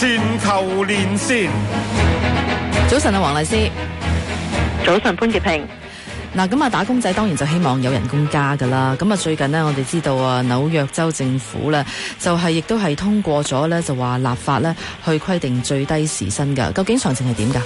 全球連線，早晨啊，黃麗施，早晨潘潔平。嗱，咁啊，打工仔當然就希望有人工加噶啦。咁啊，最近呢，我哋知道啊，紐約州政府咧就係、是、亦都係通過咗咧，就話立法咧去規定最低時薪噶。究竟詳情係點噶？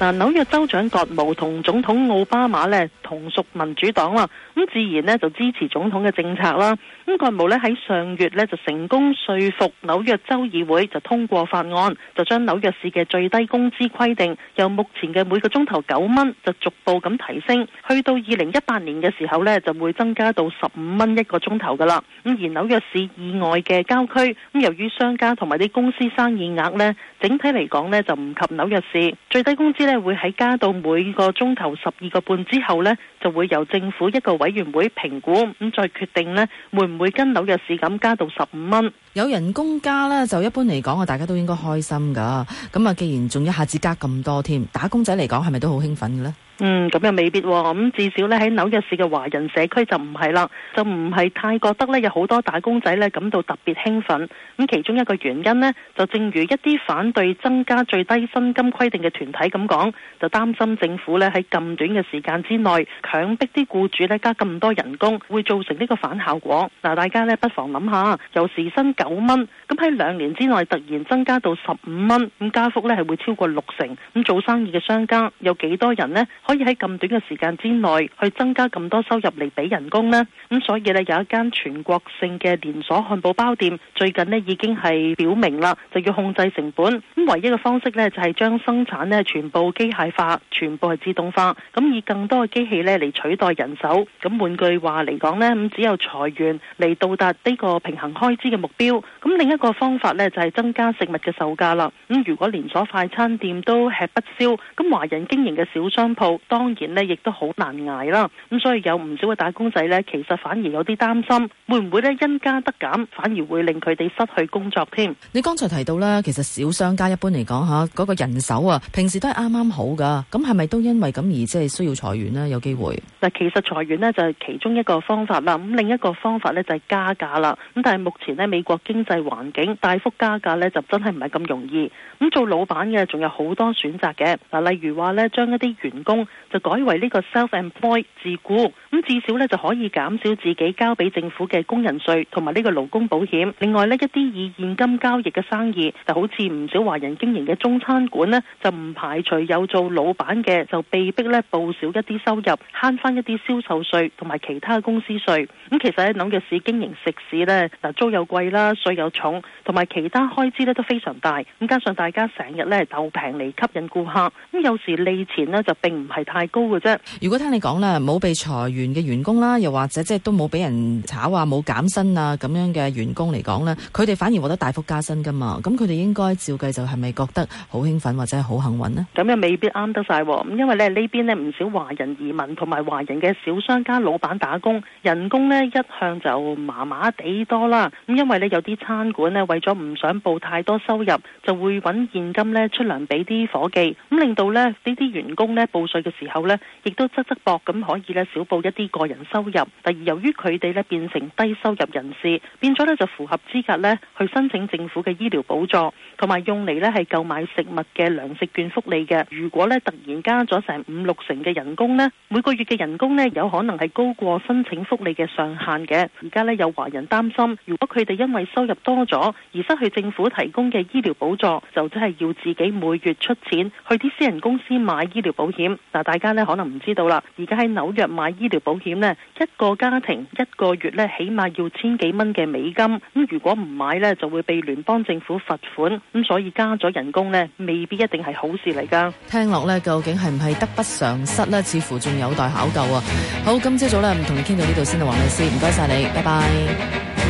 嗱，紐約州長葛毛同總統奧巴馬咧，同屬民主黨啦，咁自然咧就支持總統嘅政策啦。咁葛毛咧喺上月咧就成功說服紐約州議會就通過法案，就將紐約市嘅最低工資規定由目前嘅每個鐘頭九蚊，就逐步咁提升，去到二零一八年嘅時候咧就會增加到十五蚊一個鐘頭噶啦。咁而紐約市以外嘅郊區，咁由於商家同埋啲公司生意額咧，整體嚟講咧就唔及紐約市最低工資。即係會喺加到每個鐘頭十二個半之後咧，就會由政府一個委員會評估，咁再決定咧會唔會跟紐約市咁加到十五蚊。有人工加呢，就一般嚟講啊，大家都應該開心噶。咁啊，既然仲一下子加咁多添，打工仔嚟講係咪都好興奮嘅呢？嗯，咁又未必。咁至少呢，喺紐約市嘅華人社區就唔係啦，就唔係太覺得呢有好多打工仔呢感到特別興奮。咁其中一個原因呢，就正如一啲反對增加最低薪金規定嘅團體咁講，就擔心政府呢喺咁短嘅時間之內，強迫啲僱主呢加咁多人工，會造成呢個反效果。嗱，大家呢不妨諗下，由時薪。九蚊，咁喺兩年之內突然增加到十五蚊，咁加幅呢係會超過六成。咁做生意嘅商家有幾多人呢？可以喺咁短嘅時間之內去增加咁多收入嚟俾人工呢？咁所以呢，有一間全國性嘅連鎖漢堡包店，最近呢已經係表明啦，就要控制成本。咁唯一嘅方式呢，就係將生產呢全部機械化，全部係自動化。咁以更多嘅機器呢嚟取代人手。咁換句話嚟講呢，咁只有裁員嚟到達呢個平衡開支嘅目標。咁另一個方法呢，就係、是、增加食物嘅售價啦。咁、嗯、如果連鎖快餐店都吃不消，咁華人經營嘅小商鋪當然呢，亦都好難挨啦。咁、嗯、所以有唔少嘅打工仔呢，其實反而有啲擔心，會唔會呢因加得減反而會令佢哋失去工作添？你剛才提到啦，其實小商家一般嚟講吓嗰個人手啊，平時都係啱啱好噶。咁係咪都因為咁而即係需要裁員呢？有機會？嗱，其實裁員呢，就係其中一個方法啦。咁另一個方法呢，就係加價啦。咁但係目前呢，美國經濟環境大幅加價呢，就真係唔係咁容易。咁做老闆嘅仲有好多選擇嘅，嗱，例如話呢，將一啲員工就改為呢個 self-employed 自雇，咁至少呢就可以減少自己交俾政府嘅工人稅同埋呢個勞工保險。另外呢，一啲以現金交易嘅生意，就好似唔少華人經營嘅中餐館呢，就唔排除有做老闆嘅就被逼呢報少一啲收入，慳翻一啲銷售稅同埋其他公司稅。咁其實喺紐約市經營食肆呢，嗱租又貴啦。稅有重，同埋其他開支咧都非常大，咁加上大家成日咧鬥平嚟吸引顧客，咁有時利錢咧就並唔係太高嘅啫。如果聽你講咧，冇被裁員嘅員工啦，又或者即係都冇俾人炒話冇減薪啊咁樣嘅員工嚟講咧，佢哋反而獲得大幅加薪噶嘛，咁佢哋應該照計就係咪覺得好興奮或者好幸運呢？咁又未必啱得曬，咁因為咧呢邊呢唔少華人移民同埋華人嘅小商家老闆打工，人工呢一向就麻麻地多啦，咁因為咧有。啲餐館呢，為咗唔想報太多收入，就會揾現金呢出糧俾啲伙計，咁令到咧呢啲員工呢報稅嘅時候呢，亦都側側膊咁可以呢少報一啲個人收入。第二，由於佢哋呢變成低收入人士，變咗呢就符合資格呢去申請政府嘅醫療補助，同埋用嚟呢係購買食物嘅糧食券福利嘅。如果呢突然加咗成五六成嘅人工呢，每個月嘅人工呢有可能係高過申請福利嘅上限嘅。而家呢，有華人擔心，如果佢哋因為收入多咗而失去政府提供嘅醫療補助，就真係要自己每月出錢去啲私人公司買醫療保險。嗱，大家呢可能唔知道啦，而家喺紐約買醫療保險呢，一個家庭一個月起碼要千幾蚊嘅美金。咁如果唔買呢，就會被聯邦政府罰款。咁所以加咗人工呢，未必一定係好事嚟噶。聽落呢，究竟係唔係得不償失呢？似乎仲有待考究啊。好，今朝早呢，唔同傾到呢度先啦，黃麗施，唔該晒你，拜拜。